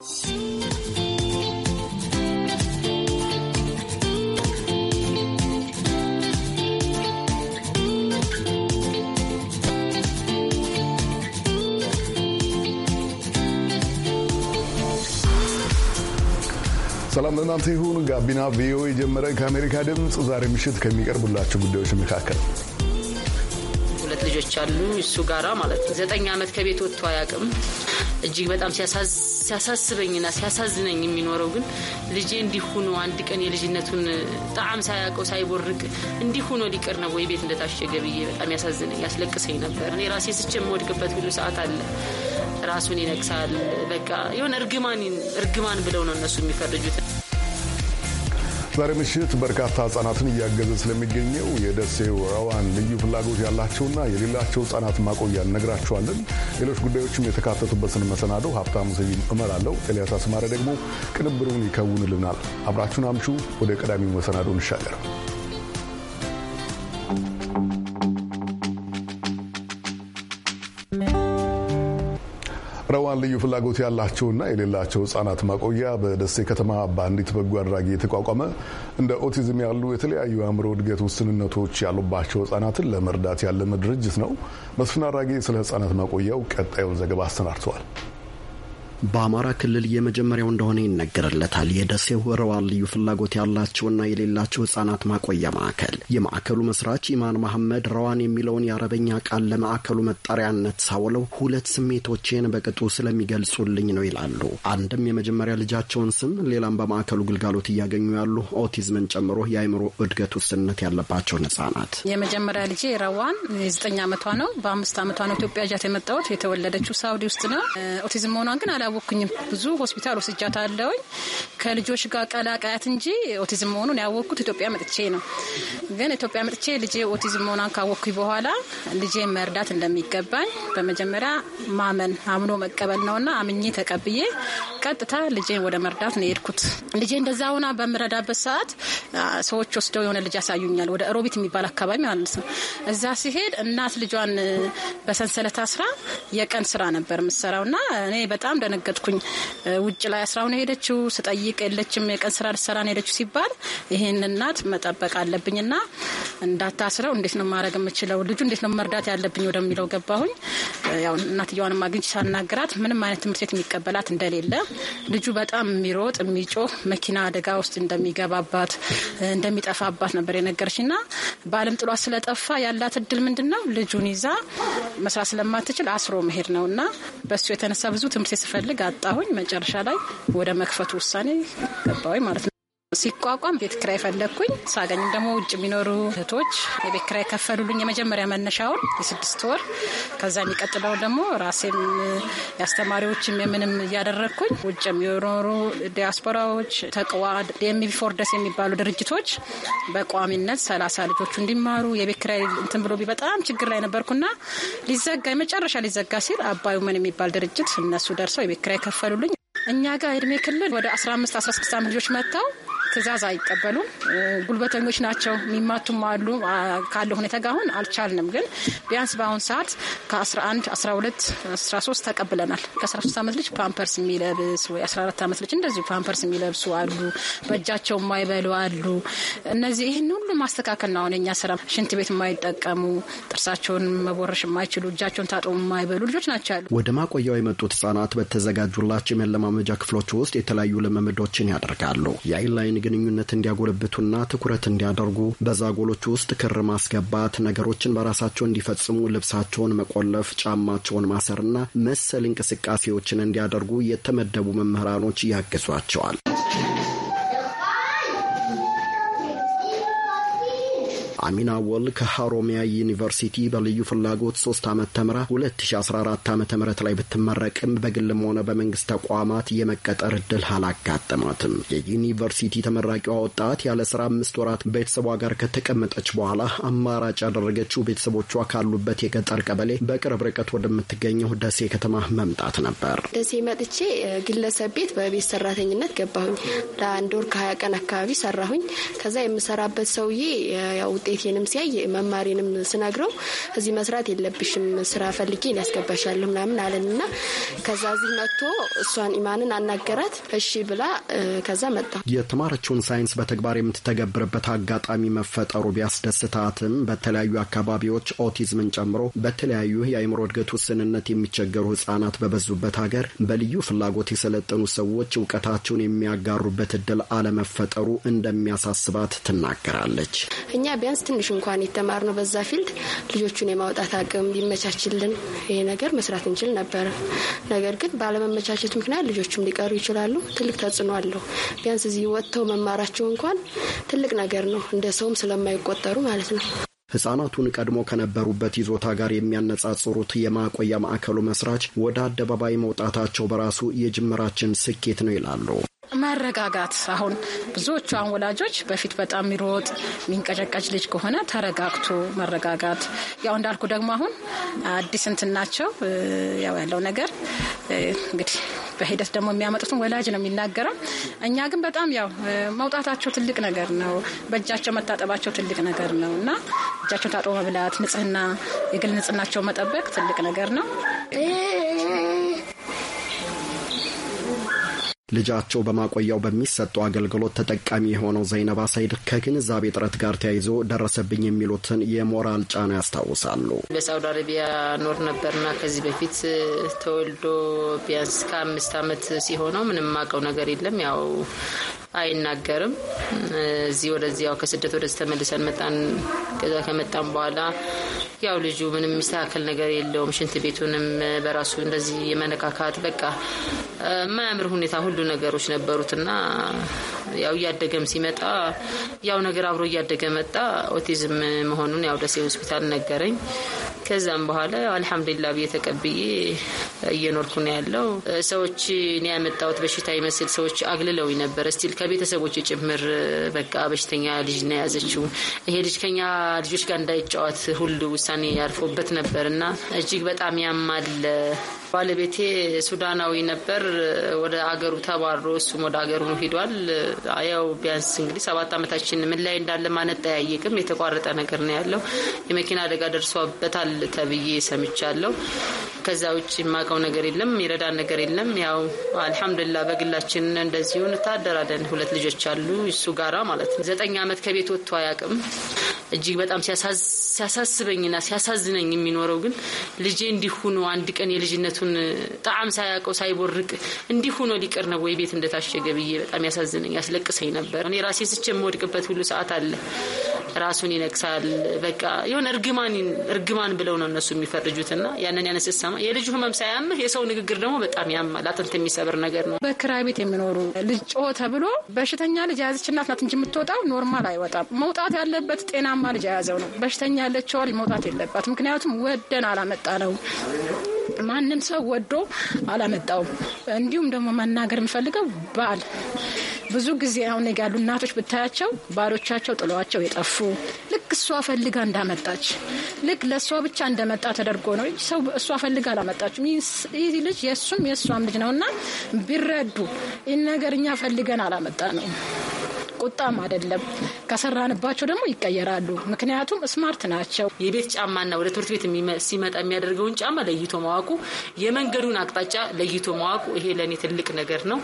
ሰላም ለእናንተ ይሁን። ጋቢና ቪኦኤ የጀመረ ከአሜሪካ ድምፅ ዛሬ ምሽት ከሚቀርቡላቸው ጉዳዮች መካከል ሁለት ልጆች አሉ። እሱ ጋራ ማለት ነው። ዘጠኝ ዓመት ከቤት ወጥቶ አያውቅም። እጅግ በጣም ሲያሳዝ ሲያሳስበኝና ሲያሳዝነኝ የሚኖረው ግን ልጄ እንዲሁኖ አንድ ቀን የልጅነቱን ጣዕም ሳያውቀው ሳይቦርቅ እንዲሁኖ ሊቀር ነው ወይ ቤት እንደታሸገ ብዬ በጣም ያሳዝነኝ ያስለቅሰኝ ነበር። እኔ ራሴ ስቼ የምወድቅበት ሁሉ ሰዓት አለ። ራሱን ይነቅሳል። በቃ የሆነ እርግማን እርግማን ብለው ነው እነሱ የሚፈርጁት። ዛሬ ምሽት በርካታ ህጻናትን እያገዘ ስለሚገኘው የደሴው ረዋን ልዩ ፍላጎት ያላቸውና የሌላቸው ህጻናት ማቆያ እነግራችኋለን። ሌሎች ጉዳዮችም የተካተቱበትን መሰናዶ ሀብታሙ ስዩም እመራለሁ። ኤልያስ አስማረ ደግሞ ቅንብሩን ይከውንልናል። አብራችሁን አምሹ። ወደ ቀዳሚው መሰናዶ እንሻገር። ልዩ ፍላጎት ያላቸውና የሌላቸው ህጻናት ማቆያ በደሴ ከተማ በአንዲት በጎ አድራጊ የተቋቋመ እንደ ኦቲዝም ያሉ የተለያዩ የአእምሮ እድገት ውስንነቶች ያሉባቸው ህጻናትን ለመርዳት ያለመ ድርጅት ነው። መስፍን አድራጊ ስለ ህጻናት ማቆያው ቀጣዩን ዘገባ አሰናድተዋል። በአማራ ክልል የመጀመሪያው እንደሆነ ይነገርለታል። የደሴው ረዋን ልዩ ፍላጎት ያላቸውና የሌላቸው ህጻናት ማቆያ ማዕከል የማዕከሉ መስራች ኢማን መሐመድ ረዋን የሚለውን የአረበኛ ቃል ለማዕከሉ መጠሪያነት ሳውለው ሁለት ስሜቶቼን በቅጡ ስለሚገልጹልኝ ነው ይላሉ። አንድም የመጀመሪያ ልጃቸውን ስም፣ ሌላም በማዕከሉ ግልጋሎት እያገኙ ያሉ ኦቲዝምን ጨምሮ የአእምሮ እድገት ውስንነት ያለባቸውን ህጻናት። የመጀመሪያ ልጄ ረዋን የዘጠኝ ዓመቷ ነው። በአምስት ዓመቷ ነው ኢትዮጵያ ጃት የመጣሁት። የተወለደችው ሳውዲ ውስጥ ነው። ኦቲዝም መሆኗን ግን አላ አላወኩኝም። ብዙ ሆስፒታል ወስጃት አለውኝ ከልጆች ጋር ቀላቀያት እንጂ ኦቲዝም መሆኑን ያወቅኩት ኢትዮጵያ መጥቼ ነው። ግን ኢትዮጵያ መጥቼ ልጄ ኦቲዝም መሆኗን ካወቅኩኝ በኋላ ልጄ መርዳት እንደሚገባኝ በመጀመሪያ ማመን አምኖ መቀበል ነውና አምኜ ተቀብዬ ቀጥታ ልጄን ወደ መርዳት ነው የሄድኩት። ልጄ እንደዛ ሆና በምረዳበት ሰዓት ሰዎች ወስደው የሆነ ልጅ ያሳዩኛል። ወደ ሮቢት የሚባል አካባቢ ማለት ነው። እዛ ሲሄድ እናት ልጇን በሰንሰለት አስራ የቀን ስራ ነበር የምትሰራው እና እኔ በጣም ደነ አስተናገድኩኝ። ውጭ ላይ አስራ ሁነ የሄደችው ስጠይቅ የለችም የቀን ስራ ልሰራ ነው ሄደችው ሲባል ይህን እናት መጠበቅ አለብኝና እንዳታስረው እንዴት ነው ማድረግ የምችለው ልጁ እንዴት ነው መርዳት ያለብኝ ወደሚለው ገባሁኝ። ያው እናትየዋን አግኝቼ ሳናግራት ምንም አይነት ትምህርት ቤት የሚቀበላት እንደሌለ ልጁ በጣም የሚሮጥ የሚጮህ መኪና አደጋ ውስጥ እንደሚገባባት እንደሚጠፋባት ነበር የነገረችና በአለም ጥሏት ስለጠፋ ያላት እድል ምንድን ነው ልጁን ይዛ መስራት ስለማትችል አስሮ መሄድ ነው እና በሱ የተነሳ ብዙ ትምህርት ስፈልግ ስፈልግ አጣሁኝ። መጨረሻ ላይ ወደ መክፈቱ ውሳኔ ገባሁኝ ማለት ነው። ሲቋቋም ቤት ኪራይ ፈለግኩኝ። ሳገኝም ደግሞ ውጭ የሚኖሩ እህቶች የቤት ኪራይ ከፈሉልኝ። የመጀመሪያ መነሻውን የስድስት ወር፣ ከዛ የሚቀጥለው ደግሞ ራሴም የአስተማሪዎችም የምንም እያደረግኩኝ ውጭ የሚኖሩ ዲያስፖራዎች ተቅዋ የሚፎርደስ የሚባሉ ድርጅቶች በቋሚነት ሰላሳ ልጆቹ እንዲማሩ የቤት ኪራይ እንትን ብሎ በጣም ችግር ላይ ነበርኩና ሊዘጋ የመጨረሻ ሊዘጋ ሲል አባዩ ምን የሚባል ድርጅት እነሱ ደርሰው የቤት ኪራይ ከፈሉልኝ። እኛ ጋር እድሜ ክልል ወደ 15 16 ዓመት ልጆች መጥተው ትእዛዝ አይቀበሉም። ጉልበተኞች ናቸው የሚማቱም አሉ። ካለ ሁኔታ ጋር አሁን አልቻልንም፣ ግን ቢያንስ በአሁን ሰዓት ከ11 12 13 ተቀብለናል። ከ13 ዓመት ልጅ ፓምፐርስ የሚለብስ ወይ 14 ዓመት ልጅ እንደዚሁ ፓምፐርስ የሚለብሱ አሉ። በእጃቸው የማይበሉ አሉ። እነዚህ ይህን ሁሉ ማስተካከል ነው አሁን የኛ ስራ። ሽንት ቤት የማይጠቀሙ ጥርሳቸውን መቦረሽ የማይችሉ እጃቸውን ታጥቦ የማይበሉ ልጆች ናቸው ያሉ። ወደ ማቆያው የመጡት ህጻናት በተዘጋጁላቸው የመለማመጃ ክፍሎች ውስጥ የተለያዩ ልምምዶችን ያደርጋሉ። የአይን ላይን ግንኙነት እንዲያጎለብቱና ትኩረት እንዲያደርጉ በዛ ጎሎች ውስጥ ክር ማስገባት፣ ነገሮችን በራሳቸው እንዲፈጽሙ ልብሳቸውን መቆለፍ፣ ጫማቸውን ማሰርና መሰል እንቅስቃሴዎችን እንዲያደርጉ የተመደቡ መምህራኖች ያግዟቸዋል። አሚና ወል ከሀሮሚያ ዩኒቨርሲቲ በልዩ ፍላጎት ሶስት ዓመት ተምራ 2014 ዓ ም ላይ ብትመረቅም በግልም ሆነ በመንግስት ተቋማት የመቀጠር እድል አላጋጠማትም። የዩኒቨርሲቲ ተመራቂዋ ወጣት ያለ ስራ አምስት ወራት ቤተሰቧ ጋር ከተቀመጠች በኋላ አማራጭ ያደረገችው ቤተሰቦቿ ካሉበት የገጠር ቀበሌ በቅርብ ርቀት ወደምትገኘው ደሴ ከተማ መምጣት ነበር። ደሴ መጥቼ ግለሰብ ቤት በቤት ሰራተኝነት ገባሁኝ። ለአንድ ወር ከሀያ ቀን አካባቢ ሰራሁኝ። ከዛ የምሰራበት ሰውዬ ያው ውጤቴንም ሲያይ መማሪንም ስነግረው እዚህ መስራት የለብሽም ስራ ፈልጌ ያስገባሻለሁ ምናምን አለን እና ከዛ እዚህ መጥቶ እሷን ኢማንን አናገራት። እሺ ብላ ከዛ መጣ። የተማረችውን ሳይንስ በተግባር የምትተገብርበት አጋጣሚ መፈጠሩ ቢያስደስታትም በተለያዩ አካባቢዎች ኦቲዝምን ጨምሮ በተለያዩ የአይምሮ እድገት ውስንነት የሚቸገሩ ህጻናት በበዙበት ሀገር በልዩ ፍላጎት የሰለጠኑ ሰዎች እውቀታቸውን የሚያጋሩበት እድል አለመፈጠሩ እንደሚያሳስባት ትናገራለች። እኛ ቢያንስ ትንሽ እንኳን የተማርነው በዛ ፊልድ ልጆቹን የማውጣት አቅም ቢመቻችልን ይሄ ነገር መስራት እንችል ነበር። ነገር ግን ባለመመቻቸት ምክንያት ልጆቹም ሊቀሩ ይችላሉ። ትልቅ ተጽዕኖ አለው። ቢያንስ እዚህ ወጥተው መማራቸው እንኳን ትልቅ ነገር ነው፣ እንደ ሰውም ስለማይቆጠሩ ማለት ነው። ህጻናቱን ቀድሞ ከነበሩበት ይዞታ ጋር የሚያነጻጽሩት የማቆያ ማዕከሉ መስራች ወደ አደባባይ መውጣታቸው በራሱ የጅምራችን ስኬት ነው ይላሉ። መረጋጋት አሁን ብዙዎቹ አሁን ወላጆች በፊት በጣም የሚሮጥ የሚንቀጨቀጭ ልጅ ከሆነ ተረጋግቶ መረጋጋት፣ ያው እንዳልኩ ደግሞ አሁን አዲስ እንትን ናቸው ያው ያለው ነገር እንግዲህ በሂደት ደግሞ የሚያመጡትን ወላጅ ነው የሚናገረው። እኛ ግን በጣም ያው መውጣታቸው ትልቅ ነገር ነው፣ በእጃቸው መታጠባቸው ትልቅ ነገር ነው እና እጃቸው ታጥቦ መብላት፣ ንጽህና፣ የግል ንጽህናቸው መጠበቅ ትልቅ ነገር ነው። ልጃቸው በማቆያው በሚሰጠው አገልግሎት ተጠቃሚ የሆነው ዘይነባ ሳይድ ከግንዛቤ ጥረት ጋር ተያይዞ ደረሰብኝ የሚሉትን የሞራል ጫና ያስታውሳሉ። በሳውዲ አረቢያ ኖር ነበርና ከዚህ በፊት ተወልዶ ቢያንስ ከአምስት ዓመት ሲሆነው ምንም ማቀው ነገር የለም ያው አይናገርም። እዚህ ወደዚህ ያው ከስደት ወደዚህ ተመልሰን መጣን። ከዛ ከመጣን በኋላ ያው ልጁ ምንም የሚስተካከል ነገር የለውም። ሽንት ቤቱንም በራሱ እንደዚህ የመነካካት በቃ የማያምር ሁኔታ ሁሉ ነገሮች ነበሩትና ያው እያደገም ሲመጣ ያው ነገር አብሮ እያደገ መጣ። ኦቲዝም መሆኑን ያው ደሴ ሆስፒታል ነገረኝ። ከዛም በኋላ አልሐምዱሊላ ብዬ ተቀብዬ እየኖርኩ ነው ያለው። ሰዎች እኔ ያመጣሁት በሽታ ይመስል ሰዎች አግልለው ነበር። እስቲል ከቤተሰቦች ጭምር በቃ በሽተኛ ልጅ ነው የያዘችው፣ ይሄ ልጅ ከኛ ልጆች ጋር እንዳይጫወት ሁሉ ውሳኔ ያርፎበት ነበር እና እጅግ በጣም ያማል ባለቤቴ ሱዳናዊ ነበር። ወደ አገሩ ተባሮ እሱም ወደ አገሩ ሂዷል። ያው ቢያንስ እንግዲህ ሰባት ዓመታችን ምን ላይ እንዳለ ማንጠያየቅም የተቋረጠ ነገር ነው ያለው። የመኪና አደጋ ደርሷበታል ተብዬ ሰምቻለሁ። ከዛ ውጭ የማውቀው ነገር የለም፣ ይረዳን ነገር የለም። ያው አልሐምዱላ በግላችን እንደዚሁ እንታደራለን። ሁለት ልጆች አሉ እሱ ጋራ ማለት ነው። ዘጠኝ ዓመት ከቤት ወጥቶ አያውቅም። እጅግ በጣም ሲያሳስበኝና ሲያሳዝነኝ የሚኖረው ግን ልጄ እንዲሁ ነው አንድ ቀን የልጅነቱን ጣዕም ሳያውቀው ሳይቦርቅ እንዲሁ ነው ሊቀር ነው ወይ ቤት እንደታሸገ ብዬ በጣም ያሳዝነኝ ያስለቅሰኝ ነበር። እኔ ራሴ ስቼ የምወድቅበት ሁሉ ሰዓት አለ። ራሱን ይነክሳል፣ በቃ የሆነ እርግማን እርግማን ብለው ነው እነሱ የሚፈርጁት። እና ያንን ያነ ስትሰማ የልጁ ህመም ሳያምህ የሰው ንግግር ደግሞ በጣም ያማል፣ አጥንት የሚሰብር ነገር ነው። በክራይ ቤት የሚኖሩ ልጅ ጮኸ ተብሎ በሽተኛ ልጅ የያዘች እናት ናት እንጂ የምትወጣው ኖርማል አይወጣም። መውጣት ያለበት ጤናማ ልጅ የያዘው ነው። በሽተኛ ያለችዋ ልጅ መውጣት የለባት። ምክንያቱም ወደን አላመጣ ነው ማንም ሰው ወዶ አላመጣውም። እንዲሁም ደግሞ መናገር የምፈልገው ባል ብዙ ጊዜ አሁን ያሉ እናቶች ብታያቸው ባሎቻቸው ጥለዋቸው የጠፉ ልክ እሷ ፈልጋ እንዳመጣች ልክ ለእሷ ብቻ እንደመጣ ተደርጎ ነው። ሰው እሷ ፈልጋ አላመጣችም። ይህ ልጅ የእሱም የእሷም ልጅ ነው እና ቢረዱ ይህን ነገር እኛ ፈልገን አላመጣ ነው ቁጣም አይደለም። ከሰራንባቸው ደግሞ ይቀየራሉ። ምክንያቱም ስማርት ናቸው። የቤት ጫማና ወደ ትምህርት ቤት ሲመጣ የሚያደርገውን ጫማ ለይቶ ማወቁ፣ የመንገዱን አቅጣጫ ለይቶ ማወቁ፣ ይሄ ለእኔ ትልቅ ነገር ነው።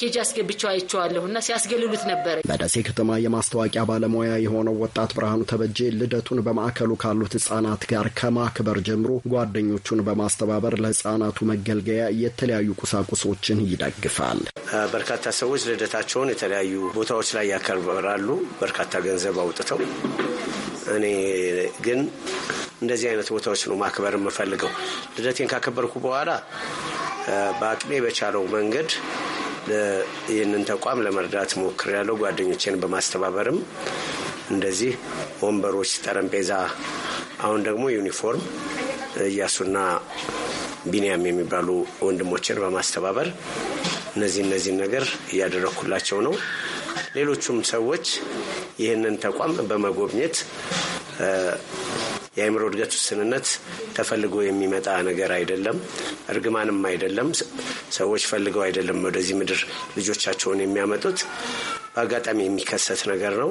ኬጅ አስገብቼው አይቼዋለሁና ሲያስገልሉት ነበረ። በደሴ ከተማ የማስታወቂያ ባለሙያ የሆነው ወጣት ብርሃኑ ተበጄ ልደቱን በማዕከሉ ካሉት ህጻናት ጋር ከማክበር ጀምሮ ጓደኞቹን በማስተባበር ለህጻናቱ መገልገያ የተለያዩ ቁሳቁሶችን ይደግፋል። በርካታ ሰዎች ልደታቸውን የተለያዩ ቦታዎች ላይ ያከብራሉ በርካታ ገንዘብ አውጥተው። እኔ ግን እንደዚህ አይነት ቦታዎች ነው ማክበር የምፈልገው። ልደቴን ካከበርኩ በኋላ በአቅሜ በቻለው መንገድ ይህንን ተቋም ለመርዳት ያለው ጓደኞቼን በማስተባበርም እንደዚህ ወንበሮች፣ ጠረጴዛ፣ አሁን ደግሞ ዩኒፎርም እያሱና ቢንያም የሚባሉ ወንድሞችን በማስተባበር እነዚህ እነዚህን ነገር እያደረግኩላቸው ነው። ሌሎቹም ሰዎች ይህንን ተቋም በመጎብኘት የአእምሮ እድገት ውስንነት ተፈልጎ የሚመጣ ነገር አይደለም፣ እርግማንም አይደለም። ሰዎች ፈልገው አይደለም ወደዚህ ምድር ልጆቻቸውን የሚያመጡት በአጋጣሚ የሚከሰት ነገር ነው።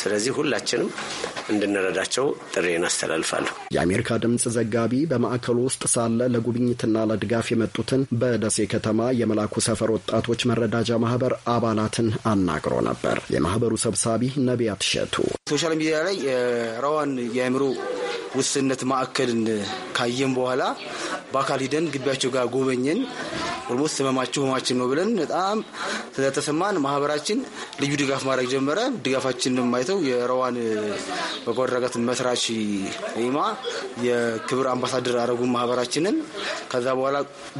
ስለዚህ ሁላችንም እንድንረዳቸው ጥሬን አስተላልፋለሁ። የአሜሪካ ድምፅ ዘጋቢ በማዕከሉ ውስጥ ሳለ ለጉብኝትና ለድጋፍ የመጡትን በደሴ ከተማ የመላኩ ሰፈር ወጣቶች መረዳጃ ማህበር አባላትን አናግሮ ነበር። የማህበሩ ሰብሳቢ ነቢያት ሸቱ ሶሻል ሚዲያ ላይ የራዋን የአእምሮ ውስንነት ማዕከልን ካየን በኋላ በአካል ሂደን ግቢያቸው ጋር ጎበኘን። ኦልሞስት ህመማችሁ ህመማችን ነው ብለን በጣም ስለተሰማን ማህበራችን ልዩ ድጋፍ ማድረግ ጀመረ። ድጋፋችን አይተው የረዋን በጎ አድራጎት መስራች ኢማ የክብር አምባሳደር አረጉ ማህበራችንን ከዛ በኋላ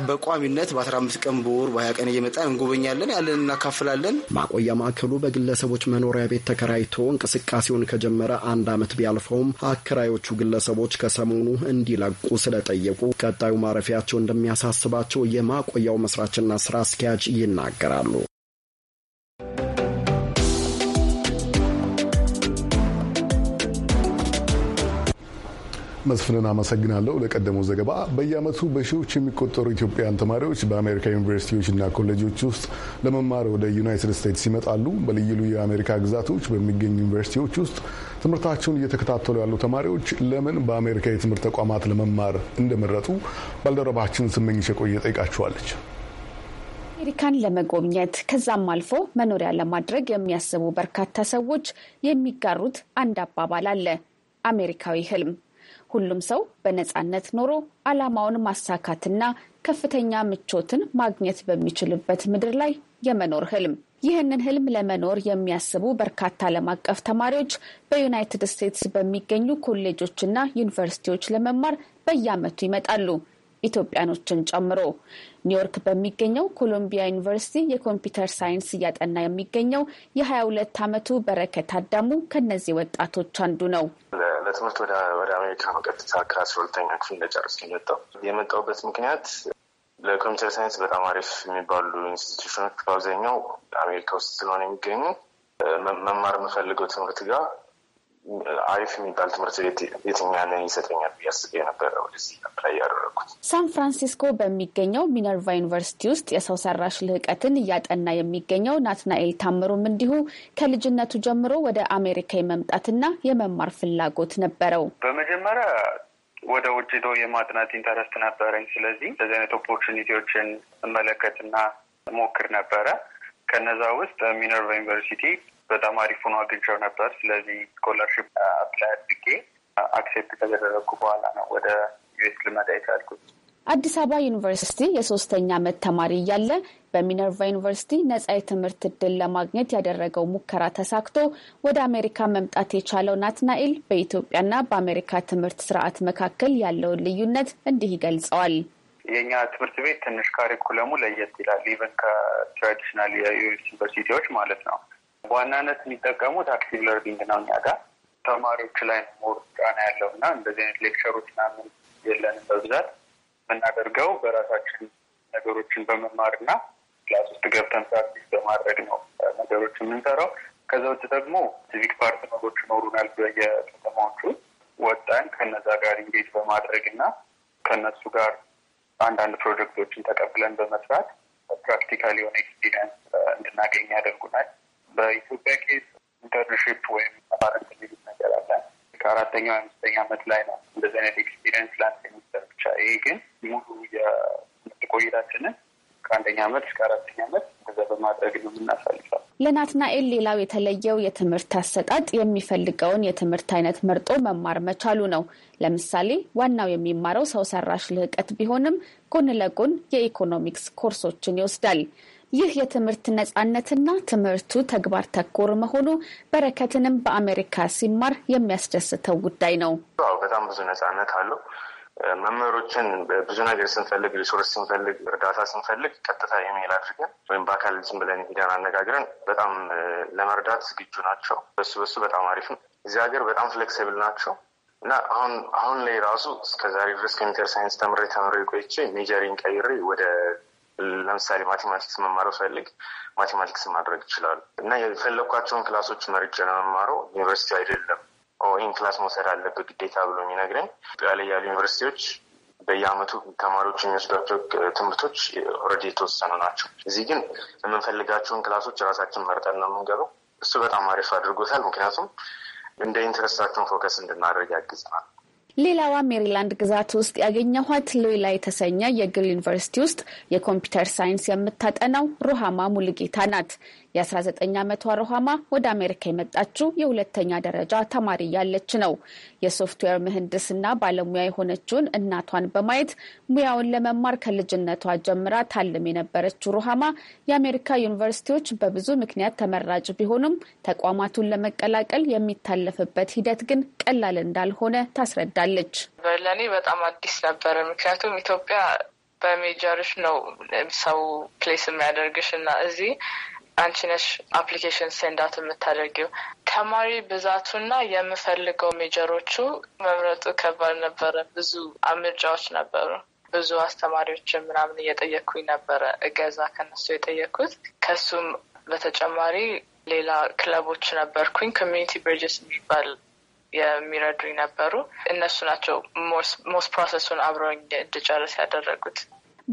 በቋሚነት በ15 ቀን በወር በ20 ቀን እየመጣን እንጎበኛለን፣ ያለን እናካፍላለን። ማቆያ ማዕከሉ በግለሰቦች መኖሪያ ቤት ተከራይቶ እንቅስቃሴውን ከጀመረ አንድ ዓመት ቢያልፈውም አከራዮቹ ግለሰቦች ከሰሞኑ እንዲለቁ ስለጠየቁ ቀጣዩ ማረፊያቸው እንደሚያሳስባቸው የማቆያው መስራችና ስራ አስኪያጅ ይናገራሉ። መስፍንን አመሰግናለሁ ለቀደመው ዘገባ። በየዓመቱ በሺዎች የሚቆጠሩ ኢትዮጵያውያን ተማሪዎች በአሜሪካ ዩኒቨርሲቲዎችና ኮሌጆች ውስጥ ለመማር ወደ ዩናይትድ ስቴትስ ይመጣሉ። በልዩ ልዩ የአሜሪካ ግዛቶች በሚገኙ ዩኒቨርሲቲዎች ውስጥ ትምህርታቸውን እየተከታተሉ ያሉ ተማሪዎች ለምን በአሜሪካ የትምህርት ተቋማት ለመማር እንደመረጡ ባልደረባችን ስመኝሽ የቆየ ጠይቃችኋለች። አሜሪካን ለመጎብኘት ከዛም አልፎ መኖሪያ ለማድረግ የሚያስቡ በርካታ ሰዎች የሚጋሩት አንድ አባባል አለ፣ አሜሪካዊ ህልም። ሁሉም ሰው በነፃነት ኖሮ ዓላማውን ማሳካትና ከፍተኛ ምቾትን ማግኘት በሚችልበት ምድር ላይ የመኖር ህልም። ይህንን ህልም ለመኖር የሚያስቡ በርካታ ዓለም አቀፍ ተማሪዎች በዩናይትድ ስቴትስ በሚገኙ ኮሌጆችና ዩኒቨርሲቲዎች ለመማር በየዓመቱ ይመጣሉ ኢትዮጵያኖችን ጨምሮ። ኒውዮርክ በሚገኘው ኮሎምቢያ ዩኒቨርሲቲ የኮምፒውተር ሳይንስ እያጠና የሚገኘው የ22 ዓመቱ በረከት አዳሙ ከነዚህ ወጣቶች አንዱ ነው። ለትምህርት ወደ አሜሪካ በቀጥታ ከአስራ ሁለተኛ ክፍል ለጨርስ የመጣው የመጣውበት ምክንያት ለኮምፒውተር ሳይንስ በጣም አሪፍ የሚባሉ ኢንስቲትዩሽኖች በአብዛኛው አሜሪካ ውስጥ ስለሆነ የሚገኙ መማር የምፈልገው ትምህርት ጋር አሪፍ የሚባል ትምህርት ቤት ነ ይሰጠኛል ብዬ የነበረ ወደዚህ ላይ ያደረኩት ሳን ፍራንሲስኮ በሚገኘው ሚነርቫ ዩኒቨርሲቲ ውስጥ የሰው ሰራሽ ልህቀትን እያጠና የሚገኘው ናትናኤል ታምሩም እንዲሁ ከልጅነቱ ጀምሮ ወደ አሜሪካ የመምጣትና የመማር ፍላጎት ነበረው። በመጀመሪያ ወደ ውጭ ሄዶ የማጥናት ኢንተረስት ነበረኝ። ስለዚህ እንደዚህ አይነት ኦፖርቹኒቲዎችን እመለከትና ሞክር ነበረ። ከነዛ ውስጥ ሚነርቫ ዩኒቨርሲቲ በጣም አሪፍ ሆኖ አግኝቼው ነበር። ስለዚህ ስኮላርሽፕ አፕላይ uh, አድርጌ አክሴፕት uh, ከተደረግኩ በኋላ ነው ወደ ዩኤስ ልመጣ የቻልኩት። አዲስ አበባ ዩኒቨርሲቲ የሶስተኛ ዓመት ተማሪ እያለ በሚነርቫ ዩኒቨርሲቲ ነጻ የትምህርት እድል ለማግኘት ያደረገው ሙከራ ተሳክቶ ወደ አሜሪካ መምጣት የቻለው ናትናኤል በኢትዮጵያና በአሜሪካ ትምህርት ስርዓት መካከል ያለውን ልዩነት እንዲህ ይገልጸዋል። የእኛ ትምህርት ቤት ትንሽ ካሪኩለሙ ለየት ይላል፣ ኢቨን ከትራዲሽናል የዩኤስ ዩኒቨርሲቲዎች ማለት ነው። በዋናነት የሚጠቀሙት አክቲቭ ለርኒንግ ነው። እኛ ጋር ተማሪዎች ላይ ሞር ጫና ያለው እና እንደዚህ አይነት ሌክቸሮች ምናምን የለንም። በብዛት የምናደርገው በራሳችን ነገሮችን በመማር እና ክላስ ውስጥ ገብተን ፕራክቲስ በማድረግ ነው ነገሮች የምንሰራው። ከዛ ውጭ ደግሞ ሲቪክ ፓርትነሮች ይኖሩናል በየከተማዎቹ ወጣን ከነዛ ጋር ኢንጌጅ በማድረግ እና ከነሱ ጋር አንዳንድ ፕሮጀክቶችን ተቀብለን በመስራት ፕራክቲካል የሆነ ኤክስፒሪየንስ እንድናገኝ ያደርጉናል። በኢትዮጵያ ኬስ ኢንተርንሽፕ ወይም አማረት የሚሉት ነገር አለ። ከአራተኛው አምስተኛ ዓመት ላይ ነው እንደዚህ አይነት ኤክስፒሪየንስ ለአንድ የሚሰጥ ብቻ። ይሄ ግን ሙሉ የምርት ቆይታችንን ከአንደኛ ዓመት እስከ አራተኛ ዓመት እንደዛ በማድረግ ነው የምናሳልፈው። ለናትናኤል ሌላው የተለየው የትምህርት አሰጣጥ የሚፈልገውን የትምህርት አይነት መርጦ መማር መቻሉ ነው። ለምሳሌ ዋናው የሚማረው ሰው ሰራሽ ልህቀት ቢሆንም ጎን ለጎን የኢኮኖሚክስ ኮርሶችን ይወስዳል። ይህ የትምህርት ነጻነትና ትምህርቱ ተግባር ተኮር መሆኑ በረከትንም በአሜሪካ ሲማር የሚያስደስተው ጉዳይ ነው። በጣም ብዙ ነጻነት አለው። መምህሮችን ብዙ ነገር ስንፈልግ፣ ሪሶርስ ስንፈልግ፣ እርዳታ ስንፈልግ ቀጥታ ኢሜይል አድርገን ወይም በአካል ዝም ብለን ሄደን አነጋግረን በጣም ለመርዳት ዝግጁ ናቸው። በሱ በሱ በጣም አሪፍ ነው። እዚህ ሀገር በጣም ፍሌክሲብል ናቸው እና አሁን አሁን ላይ ራሱ እስከዛሬ ድረስ ኮምፒውተር ሳይንስ ተምሬ ተምሬ ቆይቼ ሜጀሪን ቀይሬ ወደ ለምሳሌ ማቴማቲክስ መማረው ፈልግ ማቴማቲክስ ማድረግ ይችላሉ። እና የፈለግኳቸውን ክላሶች መርጬ ለመማረው ዩኒቨርሲቲ አይደለም ይህን ክላስ መውሰድ አለበት ግዴታ ብሎ የሚነግረኝ ኢትዮጵያ ላይ ያሉ ዩኒቨርሲቲዎች በየአመቱ ተማሪዎች የሚወስዷቸው ትምህርቶች ኦልሬዲ የተወሰኑ ናቸው። እዚህ ግን የምንፈልጋቸውን ክላሶች ራሳችን መርጠን ነው የምንገባው። እሱ በጣም አሪፍ አድርጎታል። ምክንያቱም እንደ ኢንትረስታቸውን ፎከስ እንድናደርግ ያግዘናል። ሌላዋ ሜሪላንድ ግዛት ውስጥ ያገኘኋት ሎይላ የተሰኘ የግል ዩኒቨርሲቲ ውስጥ የኮምፒውተር ሳይንስ የምታጠናው ሩሃማ ሙልጌታ ናት። የ19 ዓመቷ ሮሃማ ወደ አሜሪካ የመጣችው የሁለተኛ ደረጃ ተማሪ ያለች ነው። የሶፍትዌር ምህንድስና ባለሙያ የሆነችውን እናቷን በማየት ሙያውን ለመማር ከልጅነቷ ጀምራ ታልም የነበረችው ሮሃማ የአሜሪካ ዩኒቨርሲቲዎች በብዙ ምክንያት ተመራጭ ቢሆኑም ተቋማቱን ለመቀላቀል የሚታለፍበት ሂደት ግን ቀላል እንዳልሆነ ታስረዳለች። ለእኔ በጣም አዲስ ነበረ፣ ምክንያቱም ኢትዮጵያ በሜጀርሽ ነው ሰው ፕሌስ የሚያደርግሽ እና እዚህ አንቺነሽ አፕሊኬሽን ሴንዳት የምታደርጊው። ተማሪ ብዛቱና የምፈልገው ሜጀሮቹ መምረጡ ከባድ ነበረ። ብዙ ምርጫዎች ነበሩ። ብዙ አስተማሪዎችን ምናምን እየጠየቅኩኝ ነበረ እገዛ ከነሱ የጠየኩት። ከሱም በተጨማሪ ሌላ ክለቦች ነበርኩኝ። ኮሚኒቲ ብሪጅስ የሚባል የሚረዱኝ ነበሩ። እነሱ ናቸው ሞስት ፕሮሰሱን አብረውኝ እንድጨርስ ያደረጉት።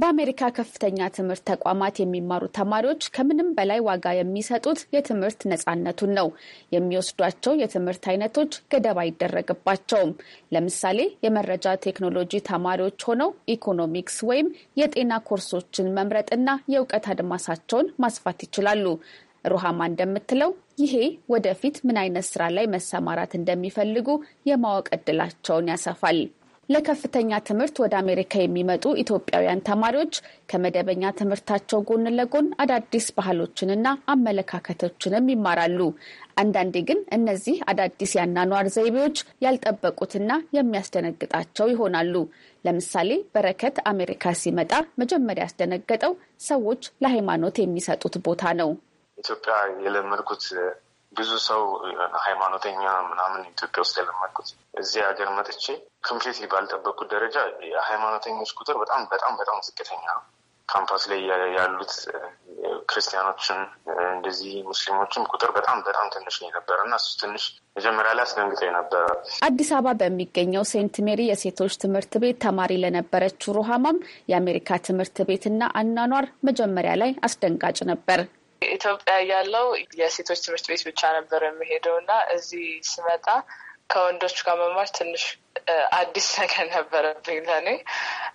በአሜሪካ ከፍተኛ ትምህርት ተቋማት የሚማሩ ተማሪዎች ከምንም በላይ ዋጋ የሚሰጡት የትምህርት ነፃነቱን ነው። የሚወስዷቸው የትምህርት አይነቶች ገደብ አይደረግባቸውም። ለምሳሌ የመረጃ ቴክኖሎጂ ተማሪዎች ሆነው ኢኮኖሚክስ ወይም የጤና ኮርሶችን መምረጥና የእውቀት አድማሳቸውን ማስፋት ይችላሉ። ሩሃማ እንደምትለው ይሄ ወደፊት ምን አይነት ስራ ላይ መሰማራት እንደሚፈልጉ የማወቅ እድላቸውን ያሰፋል። ለከፍተኛ ትምህርት ወደ አሜሪካ የሚመጡ ኢትዮጵያውያን ተማሪዎች ከመደበኛ ትምህርታቸው ጎን ለጎን አዳዲስ ባህሎችንና አመለካከቶችንም ይማራሉ። አንዳንዴ ግን እነዚህ አዳዲስ የአኗኗር ዘይቤዎች ያልጠበቁትና የሚያስደነግጣቸው ይሆናሉ። ለምሳሌ በረከት አሜሪካ ሲመጣ መጀመሪያ ያስደነገጠው ሰዎች ለሃይማኖት የሚሰጡት ቦታ ነው። ኢትዮጵያ የለመድኩት ብዙ ሰው ሃይማኖተኛ ምናምን ኢትዮጵያ ውስጥ የለመድኩት እዚህ ሀገር መጥቼ ክምፕሊት ባልጠበቁት ደረጃ የሃይማኖተኞች ቁጥር በጣም በጣም በጣም ዝቅተኛ ነው። ካምፓስ ላይ ያሉት ክርስቲያኖችን እንደዚህ ሙስሊሞችን ቁጥር በጣም በጣም ትንሽ ነው የነበረ እና እሱ ትንሽ መጀመሪያ ላይ አስደንግጠ ነበረ። አዲስ አበባ በሚገኘው ሴንት ሜሪ የሴቶች ትምህርት ቤት ተማሪ ለነበረችው ሩሃማም የአሜሪካ ትምህርት ቤትና አኗኗር መጀመሪያ ላይ አስደንጋጭ ነበር። ኢትዮጵያ ያለው የሴቶች ትምህርት ቤት ብቻ ነበር የሚሄደው እና እዚህ ስመጣ ከወንዶች ጋር መማር ትንሽ አዲስ ነገር ነበረብኝ ለእኔ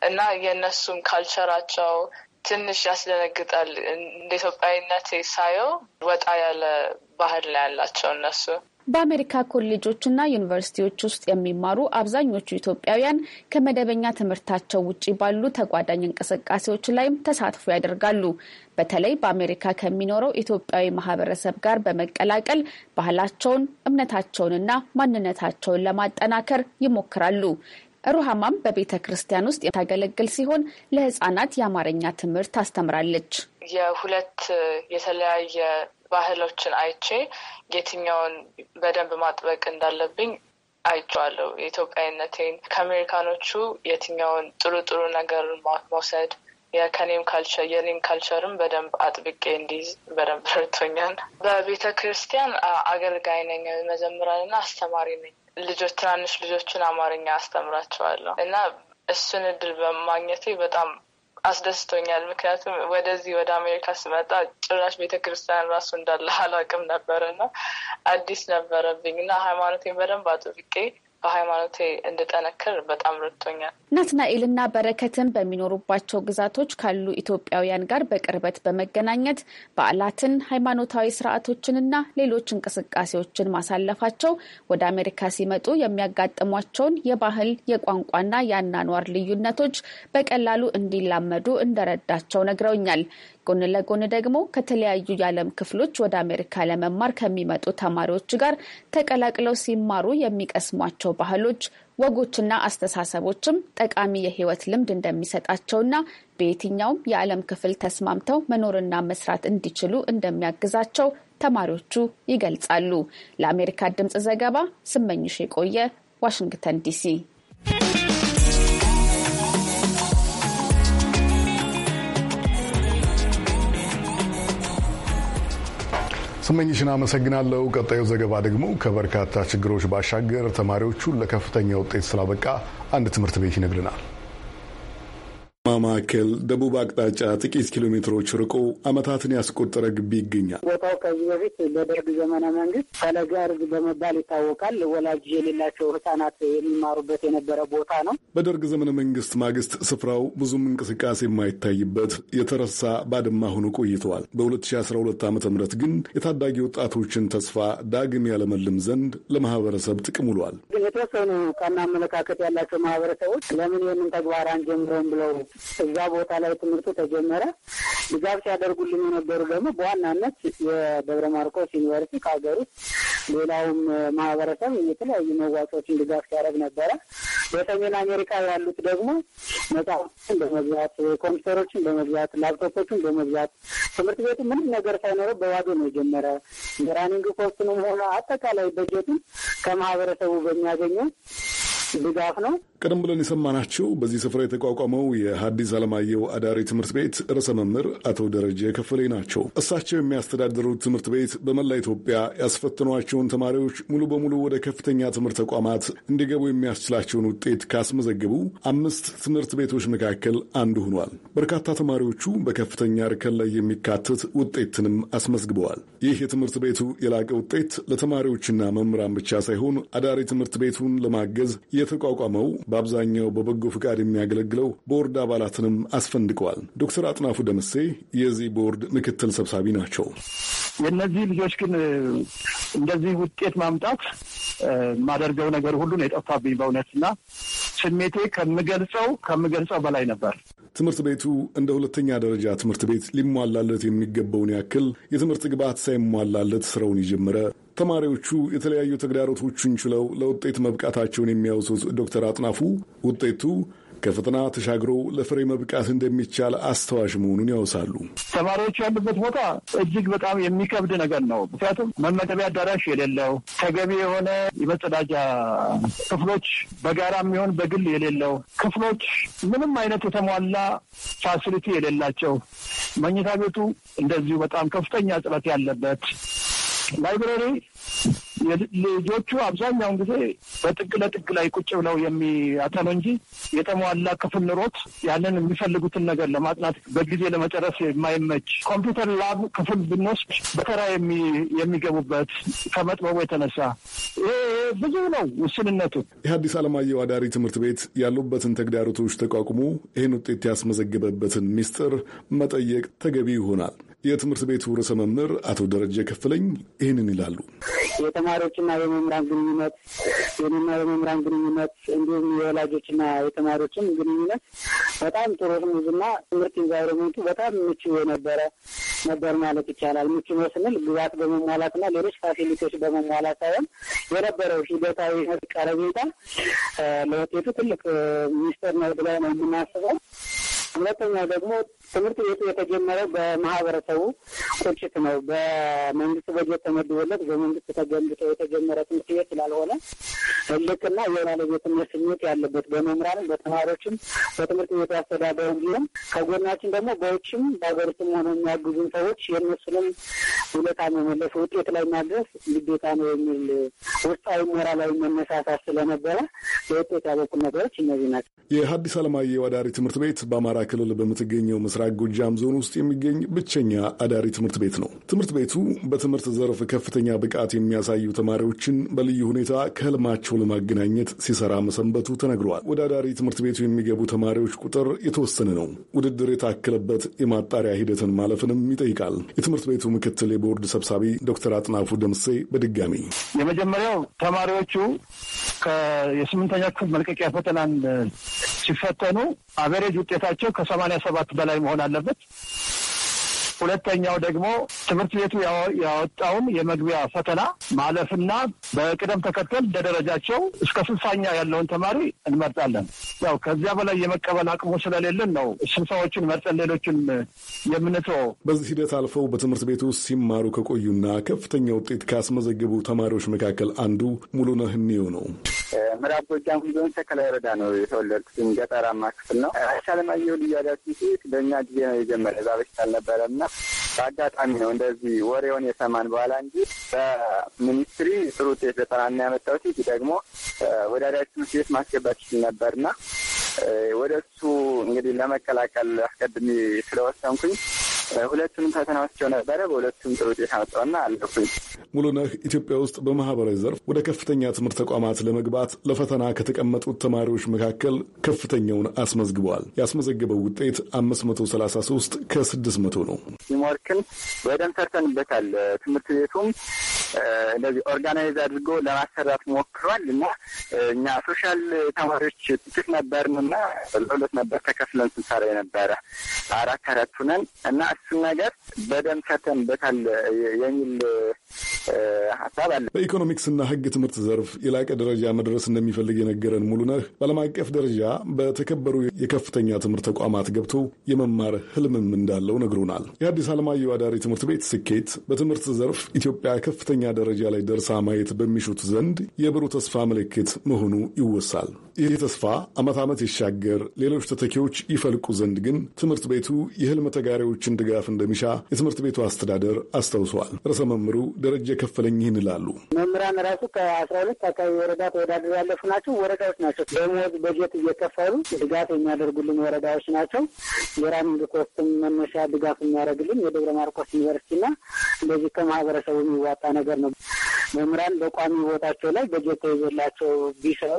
እና የእነሱም ካልቸራቸው ትንሽ ያስደነግጣል። እንደ ኢትዮጵያዊነቴ ሳየው ወጣ ያለ ባህል ላይ ያላቸው እነሱ በአሜሪካ ኮሌጆችና ዩኒቨርሲቲዎች ውስጥ የሚማሩ አብዛኞቹ ኢትዮጵያውያን ከመደበኛ ትምህርታቸው ውጪ ባሉ ተጓዳኝ እንቅስቃሴዎች ላይም ተሳትፎ ያደርጋሉ። በተለይ በአሜሪካ ከሚኖረው ኢትዮጵያዊ ማህበረሰብ ጋር በመቀላቀል ባህላቸውን፣ እምነታቸውንና ማንነታቸውን ለማጠናከር ይሞክራሉ። ሩሃማም በቤተ ክርስቲያን ውስጥ የምታገለግል ሲሆን ለህጻናት የአማርኛ ትምህርት ታስተምራለች። የሁለት የተለያየ ባህሎችን አይቼ የትኛውን በደንብ ማጥበቅ እንዳለብኝ አይቼዋለሁ። የኢትዮጵያዊነቴን ከአሜሪካኖቹ የትኛውን ጥሩ ጥሩ ነገር መውሰድ የከኔም ካልቸር የኔም ካልቸርም በደንብ አጥብቄ እንዲይዝ በደንብ ረድቶኛል። በቤተ ክርስቲያን አገልጋይ ነኝ፣ መዘምራንና አስተማሪ ነኝ። ልጆች ትናንሽ ልጆችን አማርኛ አስተምራቸዋለሁ እና እሱን እድል በማግኘቴ በጣም አስደስቶኛል። ምክንያቱም ወደዚህ ወደ አሜሪካ ስመጣ ጭራሽ ቤተክርስቲያን ራሱ እንዳለ አላውቅም ና አዲስ ነበረብኝ እና ሃይማኖቴን በደንብ አጥብቄ በሃይማኖቴ እንድጠነክር በጣም ረድቶኛል። ናትናኤልና በረከትን በሚኖሩባቸው ግዛቶች ካሉ ኢትዮጵያውያን ጋር በቅርበት በመገናኘት በዓላትን፣ ሃይማኖታዊ ስርዓቶችንና ሌሎች እንቅስቃሴዎችን ማሳለፋቸው ወደ አሜሪካ ሲመጡ የሚያጋጥሟቸውን የባህል የቋንቋና የአናኗር ልዩነቶች በቀላሉ እንዲላመዱ እንደረዳቸው ነግረውኛል። ጎን ለጎን ደግሞ ከተለያዩ የዓለም ክፍሎች ወደ አሜሪካ ለመማር ከሚመጡ ተማሪዎች ጋር ተቀላቅለው ሲማሩ የሚቀስሟቸው ባህሎች፣ ወጎችና አስተሳሰቦችም ጠቃሚ የህይወት ልምድ እንደሚሰጣቸውና በየትኛውም የዓለም ክፍል ተስማምተው መኖርና መስራት እንዲችሉ እንደሚያግዛቸው ተማሪዎቹ ይገልጻሉ። ለአሜሪካ ድምፅ ዘገባ ስመኝሽ የቆየ ዋሽንግተን ዲሲ። ስመኝሽን አመሰግናለሁ። ቀጣዩ ዘገባ ደግሞ ከበርካታ ችግሮች ባሻገር ተማሪዎቹን ለከፍተኛ ውጤት ስላበቃ አንድ ትምህርት ቤት ይነግረናል። ማዕከል ደቡብ አቅጣጫ ጥቂት ኪሎ ሜትሮች ርቆ ዓመታትን ያስቆጠረ ግቢ ይገኛል። ቦታው ከዚህ በፊት በደርግ ዘመነ መንግስት ፈለገ በመባል ይታወቃል። ወላጅ የሌላቸው ህፃናት የሚማሩበት የነበረ ቦታ ነው። በደርግ ዘመነ መንግስት ማግስት ስፍራው ብዙም እንቅስቃሴ የማይታይበት የተረሳ ባድማ ሆኖ ቆይተዋል። በ2012 ዓ ም ግን የታዳጊ ወጣቶችን ተስፋ ዳግም ያለመልም ዘንድ ለማህበረሰብ ጥቅም ውሏል። ግን የተወሰኑ ቀና አመለካከት ያላቸው ማህበረሰቦች ለምን ይህንን ተግባር አንጀምረን ብለው እዛ ቦታ ላይ ትምህርቱ ተጀመረ። ድጋፍ ሲያደርጉልን የነበሩ ደግሞ በዋናነት የደብረ ማርቆስ ዩኒቨርሲቲ ከሀገር ውስጥ ሌላውም ማህበረሰብ የተለያዩ መዋጮችን ድጋፍ ሲያደርግ ነበረ። በሰሜን አሜሪካ ያሉት ደግሞ መጽሐፎችን በመግዛት ኮምፒውተሮችን በመግዛት ላፕቶፖችን በመግዛት ትምህርት ቤቱ ምንም ነገር ሳይኖረው በባዶ ነው የጀመረ። የራኒንግ ኮስትንም ሆነ አጠቃላይ በጀቱን ከማህበረሰቡ በሚያገኘው ድጋፍ ነው። ቀደም ብለን የሰማናቸው በዚህ ስፍራ የተቋቋመው የሀዲስ አለማየሁ አዳሪ ትምህርት ቤት ርዕሰ መምህር አቶ ደረጀ ከፍሌ ናቸው። እሳቸው የሚያስተዳድሩት ትምህርት ቤት በመላ ኢትዮጵያ ያስፈትኗቸውን ተማሪዎች ሙሉ በሙሉ ወደ ከፍተኛ ትምህርት ተቋማት እንዲገቡ የሚያስችላቸውን ውጤት ካስመዘገቡ አምስት ትምህርት ቤቶች መካከል አንዱ ሆኗል። በርካታ ተማሪዎቹ በከፍተኛ እርከን ላይ የሚካተት ውጤትንም አስመዝግበዋል። ይህ የትምህርት ቤቱ የላቀ ውጤት ለተማሪዎችና መምህራን ብቻ ሳይሆን አዳሪ ትምህርት ቤቱን ለማገዝ የተቋቋመው በአብዛኛው በበጎ ፍቃድ የሚያገለግለው ቦርድ አባላትንም አስፈንድቀዋል። ዶክተር አጥናፉ ደምሴ የዚህ ቦርድ ምክትል ሰብሳቢ ናቸው። የእነዚህ ልጆች ግን እንደዚህ ውጤት ማምጣት የማደርገው ነገር ሁሉ ነው የጠፋብኝ በእውነትና ስሜቴ ከምገልጸው ከምገልጸው በላይ ነበር። ትምህርት ቤቱ እንደ ሁለተኛ ደረጃ ትምህርት ቤት ሊሟላለት የሚገባውን ያክል የትምህርት ግብዓት ሳይሟላለት ስራውን የጀመረ ተማሪዎቹ የተለያዩ ተግዳሮቶችን ችለው ለውጤት መብቃታቸውን የሚያውሱት ዶክተር አጥናፉ ውጤቱ ከፈተና ተሻግሮ ለፍሬ መብቃት እንደሚቻል አስተዋሽ መሆኑን ያወሳሉ። ተማሪዎቹ ያሉበት ቦታ እጅግ በጣም የሚከብድ ነገር ነው። ምክንያቱም መመገቢያ አዳራሽ የሌለው ተገቢ የሆነ የመጸዳጃ ክፍሎች በጋራ የሚሆን በግል የሌለው ክፍሎች ምንም አይነት የተሟላ ፋሲሊቲ የሌላቸው መኝታ ቤቱ እንደዚሁ በጣም ከፍተኛ ጥረት ያለበት ላይብረሪ ልጆቹ አብዛኛውን ጊዜ በጥግ ለጥግ ላይ ቁጭ ብለው የሚያጠኑ እንጂ የተሟላ ክፍል ኑሮት ያንን የሚፈልጉትን ነገር ለማጥናት በጊዜ ለመጨረስ የማይመች ኮምፒውተር ላብ ክፍል ብንወስድ በተራ የሚገቡበት ከመጥበቡ የተነሳ ብዙ ነው ውስንነቱ። የሐዲስ ዓለማየሁ አዳሪ ትምህርት ቤት ያሉበትን ተግዳሮቶች ተቋቁሞ ይህን ውጤት ያስመዘገበበትን ሚስጥር መጠየቅ ተገቢ ይሆናል። የትምህርት ቤቱ ርዕሰ መምህር አቶ ደረጀ ከፍለኝ ይህንን ይላሉ። የተማሪዎችና የመምህራን ግንኙነት የኔና የመምህራን ግንኙነት እንዲሁም የወላጆችና የተማሪዎችን ግንኙነት በጣም ጥሩ ስሙዝና ትምህርት ኢንቫይሮመንቱ በጣም ምቹ የነበረ ነበር ማለት ይቻላል። ምቹ ነው ስንል ግባት በመሟላትና ሌሎች ፋሲሊቲዎች በመሟላት ሳይሆን የነበረው ሂደታዊ ቀረቤታ ለውጤቱ ትልቅ ሚስጥር ነው ብለን ነው የምናስበው። ሁለተኛው ደግሞ ትምህርት ቤቱ የተጀመረው በማህበረሰቡ ቁጭት ነው። በመንግስት በጀት ተመድቦለት በመንግስት ተገንብቶ የተጀመረ ትምህርት ቤት ስላልሆነ ትልቅና የባለቤትነት ስሜት ያለበት በመምህራንም፣ በተማሪዎችም፣ በትምህርት ቤቱ አስተዳደሩ እንዲሁም ከጎናችን ደግሞ በውጭም በሀገር ውስጥም ሆነ የሚያግዙን ሰዎች የእነሱንም ውለታ መመለስ ውጤት ላይ ማድረስ ግዴታ ነው የሚል ውስጣዊ ሞራላዊ መነሳሳት ስለነበረ ለውጤት ያበቁ ነገሮች እነዚህ ናቸው። የሀዲስ ዓለማየሁ አዳሪ ትምህርት ቤት በአማራ በአማራ ክልል በምትገኘው ምስራቅ ጎጃም ዞን ውስጥ የሚገኝ ብቸኛ አዳሪ ትምህርት ቤት ነው። ትምህርት ቤቱ በትምህርት ዘርፍ ከፍተኛ ብቃት የሚያሳዩ ተማሪዎችን በልዩ ሁኔታ ከህልማቸው ለማገናኘት ሲሰራ መሰንበቱ ተነግሯል። ወደ አዳሪ ትምህርት ቤቱ የሚገቡ ተማሪዎች ቁጥር የተወሰነ ነው። ውድድር የታከለበት የማጣሪያ ሂደትን ማለፍንም ይጠይቃል። የትምህርት ቤቱ ምክትል የቦርድ ሰብሳቢ ዶክተር አጥናፉ ደምሴ በድጋሚ የመጀመሪያው ተማሪዎቹ የስምንተኛ ክፍል መልቀቂያ ፈተናን ሲፈተኑ አቬሬጅ ውጤታቸው ዕድሜያቸው ከሰማንያ ሰባት በላይ መሆን አለበት። ሁለተኛው ደግሞ ትምህርት ቤቱ ያወጣውን የመግቢያ ፈተና ማለፍና በቅደም ተከተል እንደደረጃቸው እስከ ስልሳኛ ያለውን ተማሪ እንመርጣለን። ያው ከዚያ በላይ የመቀበል አቅሙ ስለሌለን ነው ስልሳዎችን መርጠን ሌሎችን የምንተው። በዚህ ሂደት አልፈው በትምህርት ቤቱ ሲማሩ ከቆዩና ከፍተኛ ውጤት ካስመዘገቡ ተማሪዎች መካከል አንዱ ሙሉነህ ነው። ምዕራብ ጎጃም ዞን ሰከላ ወረዳ ነው የተወለድኩትኝ። ገጠራማ ክፍል ነው። ራሽ አለማየሁ ልዩ ሲት በእኛ ጊዜ ነው የጀመረ። እዛ በሽታ አልነበረም እና በአጋጣሚ ነው እንደዚህ ወሬውን የሰማን በኋላ እንጂ በሚኒስትሪ ጥሩ ውጤት ዘጠናና ያመጣሁት ሲት ደግሞ ወደ አዳሲ ውጤት ማስገባት ይችል ነበርና ወደ እሱ እንግዲህ ለመቀላቀል አስቀድሜ ስለወሰንኩኝ ሁለቱንም ፈተናዎች ነበረ። በሁለቱም ጥሩ ውጤት አወጣሁና አለፍኩኝ። ሙሉነህ ኢትዮጵያ ውስጥ በማህበራዊ ዘርፍ ወደ ከፍተኛ ትምህርት ተቋማት ለመግባት ለፈተና ከተቀመጡት ተማሪዎች መካከል ከፍተኛውን አስመዝግበዋል። ያስመዘገበው ውጤት 533 ከ600 ነው። ሲሞርክን በደንብ ሰርተንበታል። ትምህርት ቤቱም እንደዚህ ኦርጋናይዝ አድርጎ ለማሰራት ሞክሯል እና እኛ ሶሻል ተማሪዎች ጥቂት ነበርን እና ለሁለት ነበር ተከፍለን ስንሰራ የነበረ አራት አራት ሁነን እና እሱን ነገር በደንብ ከተንበታል የሚል ሀሳብ አለ። በኢኮኖሚክስና ሕግ ትምህርት ዘርፍ የላቀ ደረጃ መድረስ እንደሚፈልግ የነገረን ሙሉነህ በዓለም አቀፍ ደረጃ በተከበሩ የከፍተኛ ትምህርት ተቋማት ገብቶ የመማር ህልምም እንዳለው ነግሮናል። የአዲስ አለማየሁ አዳሪ ትምህርት ቤት ስኬት በትምህርት ዘርፍ ኢትዮጵያ ከፍተኛ ደረጃ ላይ ደርሳ ማየት በሚሹት ዘንድ የብሩህ ተስፋ ምልክት መሆኑ ይወሳል። ይህ ተስፋ ዓመት ዓመት ይሻገር፣ ሌሎች ተተኪዎች ይፈልቁ ዘንድ ግን ትምህርት ቤቱ የህልም ተጋሪዎችን ድጋፍ እንደሚሻ የትምህርት ቤቱ አስተዳደር አስታውሰዋል። ርዕሰ መምህሩ ደረጀ ከፈለኝ ይህን ይላሉ። መምህራን ራሱ ከአስራ ሁለት አካባቢ ወረዳ ተወዳድረው ያለፉ ናቸው። ወረዳዎች ናቸው ደሞዝ በጀት እየከፈሉ ድጋፍ የሚያደርጉልን ወረዳዎች ናቸው። የራኒንግ ኮስትም መነሻ ድጋፍ የሚያደርግልን የደብረ ማርቆስ ዩኒቨርሲቲና እንደዚህ ከማህበረሰቡ የሚዋጣ ነገር ነው። መምህራን በቋሚ ቦታቸው ላይ በጀት ተይዞላቸው ቢሰሩ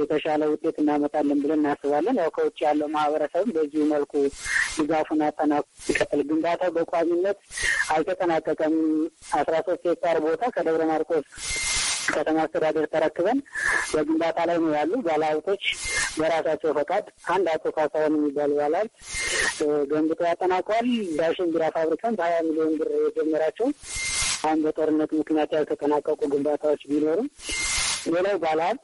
የተሻለ ውጤት እናመጣለን ብለን እናስባለን። ያው ከውጭ ያለው ማህበረሰብም በዚሁ መልኩ ድጋፉን አጠና ይቀጥል። ግንባታው በቋሚነት አልተጠናቀቀም። አስራ ሶስት ሄክታር ቦታ ከደብረ ማርቆስ ከተማ አስተዳደር ተረክበን በግንባታ ላይ ነው ያሉ ባለሀብቶች በራሳቸው ፈቃድ አንድ አቶ ካሳሁን የሚባል ባለሀብት ገንብቶ ያጠናቀዋል። ዳሽን ቢራ ፋብሪካን በሀያ ሚሊዮን ብር የጀመራቸው አሁን በጦርነት ምክንያት ያልተጠናቀቁ ግንባታዎች ቢኖርም ሌላው ባለሀብት፣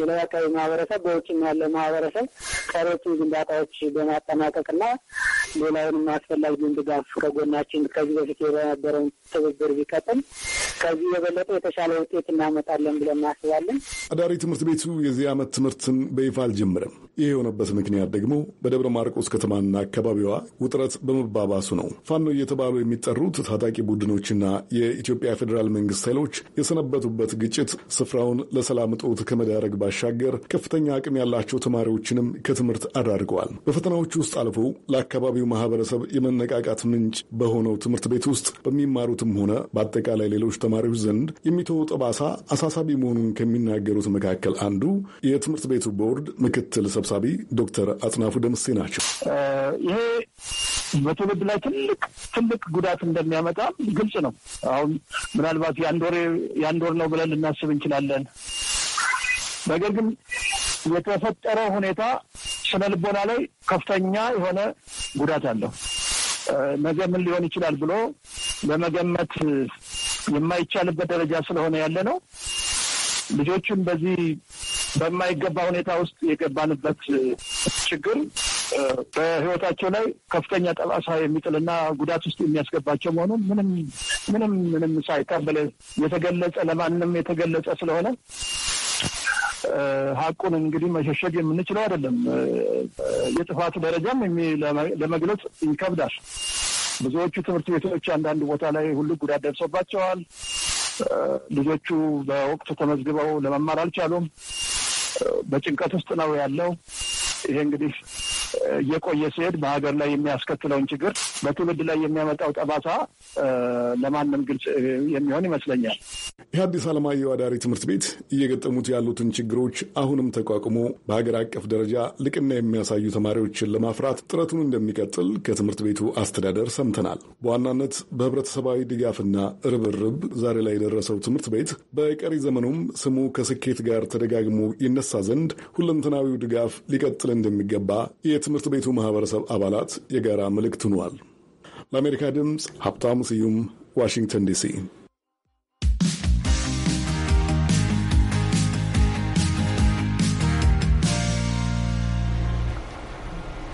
ሌላው አካባቢ ማህበረሰብ፣ በውጭም ያለ ማህበረሰብ ቀሪዎችን ግንባታዎች በማጠናቀቅና ሌላውንም አስፈላጊውን ድጋፍ ከጎናችን ከዚህ በፊት የነበረውን ትብብር ቢቀጥል ከዚህ የበለጠ የተሻለ ውጤት እናመጣለን ብለን እናስባለን። አዳሪ ትምህርት ቤቱ የዚህ ዓመት ትምህርትን በይፋ አልጀምርም። ይህ የሆነበት ምክንያት ደግሞ በደብረ ማርቆስ ከተማና አካባቢዋ ውጥረት በመባባሱ ነው። ፋኖ እየተባሉ የሚጠሩት ታጣቂ ቡድኖችና የኢትዮጵያ ፌዴራል መንግስት ኃይሎች የሰነበቱበት ግጭት ስፍራውን ለሰላም እጦት ከመዳረግ ባሻገር ከፍተኛ አቅም ያላቸው ተማሪዎችንም ከትምህርት አዳርገዋል። በፈተናዎች ውስጥ አልፎ ለአካባቢው ማህበረሰብ የመነቃቃት ምንጭ በሆነው ትምህርት ቤት ውስጥ በሚማሩትም ሆነ በአጠቃላይ ሌሎች ተማሪዎች ዘንድ የሚተወው ጠባሳ አሳሳቢ መሆኑን ከሚናገሩት መካከል አንዱ የትምህርት ቤቱ ቦርድ ምክትል ሰብሳቢ ዶክተር አጽናፉ ደምሴ ናቸው። ይሄ በትውልድ ላይ ትልቅ ትልቅ ጉዳት እንደሚያመጣ ግልጽ ነው። አሁን ምናልባት የአንድ ወር ነው ብለን ልናስብ እንችላለን። ነገር ግን የተፈጠረው ሁኔታ ስነልቦና ላይ ከፍተኛ የሆነ ጉዳት አለው። ነገ ምን ሊሆን ይችላል ብሎ ለመገመት የማይቻልበት ደረጃ ስለሆነ ያለ ነው። ልጆቹን በዚህ በማይገባ ሁኔታ ውስጥ የገባንበት ችግር በሕይወታቸው ላይ ከፍተኛ ጠባሳ የሚጥልና ጉዳት ውስጥ የሚያስገባቸው መሆኑን ምንም ምንም ምንም ሳይታበለ የተገለጸ ለማንም የተገለጸ ስለሆነ ሀቁን እንግዲህ መሸሸግ የምንችለው አይደለም። የጥፋቱ ደረጃም ለመግለጽ ይከብዳል። ብዙዎቹ ትምህርት ቤቶች አንዳንድ ቦታ ላይ ሁሉ ጉዳት ደርሶባቸዋል። ልጆቹ በወቅቱ ተመዝግበው ለመማር አልቻሉም። በጭንቀት ውስጥ ነው ያለው። ይሄ እንግዲህ እየቆየ ሲሄድ በሀገር ላይ የሚያስከትለውን ችግር በትውልድ ላይ የሚያመጣው ጠባሳ ለማንም ግልጽ የሚሆን ይመስለኛል። የሐዲስ ዓለማየሁ አዳሪ ትምህርት ቤት እየገጠሙት ያሉትን ችግሮች አሁንም ተቋቁሞ በሀገር አቀፍ ደረጃ ልቅና የሚያሳዩ ተማሪዎችን ለማፍራት ጥረቱን እንደሚቀጥል ከትምህርት ቤቱ አስተዳደር ሰምተናል። በዋናነት በህብረተሰባዊ ድጋፍና ርብርብ ዛሬ ላይ የደረሰው ትምህርት ቤት በቀሪ ዘመኑም ስሙ ከስኬት ጋር ተደጋግሞ ይነሳ ዘንድ ሁለንተናዊው ድጋፍ ሊቀጥል እንደሚገባ የትምህርት ቤቱ ማህበረሰብ አባላት የጋራ መልእክት ሆኗል። ለአሜሪካ ድምፅ ሀብታሙ ስዩም ዋሽንግተን ዲሲ።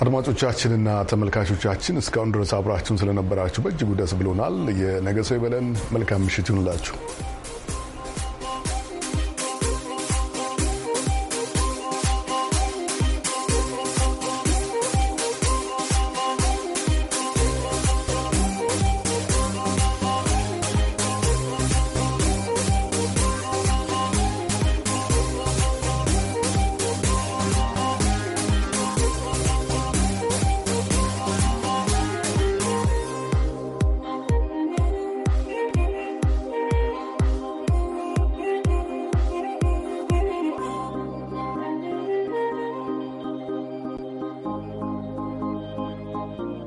አድማጮቻችንና ተመልካቾቻችን እስካሁን ድረስ አብራችሁን ስለነበራችሁ በእጅጉ ደስ ብሎናል። የነገ ሰው ይበለን። መልካም ምሽት ይሁንላችሁ።